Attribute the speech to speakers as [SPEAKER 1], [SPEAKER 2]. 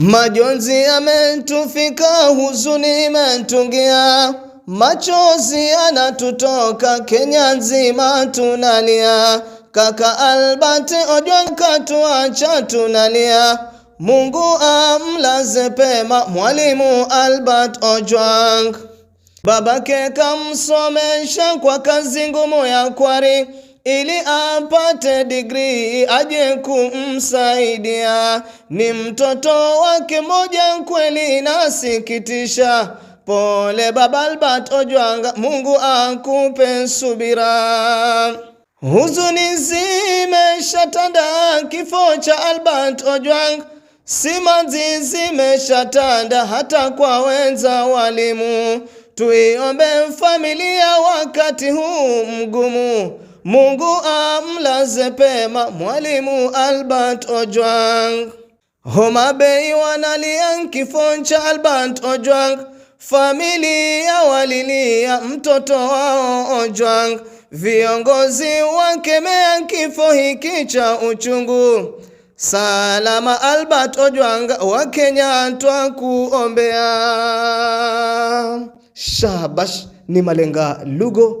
[SPEAKER 1] Majonzi yametufika, huzuni imetungia, machozi yanatutoka, Kenya nzima tunalia. Kaka Albert Ojwang katuacha tunalia, Mungu amlaze pema Mwalimu Albert Ojwang. Babake kamsomesha kwa kazi ngumu ya kwari ili apate digrii aje kumsaidia. Ni mtoto wake moja, kweli nasikitisha. Pole baba Albert Ojwanga, Mungu akupe subira. Huzuni zimeshatanda, kifo cha Albert ojwanga Simanzi zimeshatanda hata kwa wenza walimu. Tuiombe familia wakati huu mgumu Mungu amlaze pema Mwalimu Albert Ojwang. Homa Bay wanalia kifo cha Albert Ojwang, familia walilia mtoto wao Ojwang, viongozi wakemea kifo hiki cha uchungu. Salama Albert Ojwang, Wakenya twakuombea.
[SPEAKER 2] Shabash ni Malenga Lugo.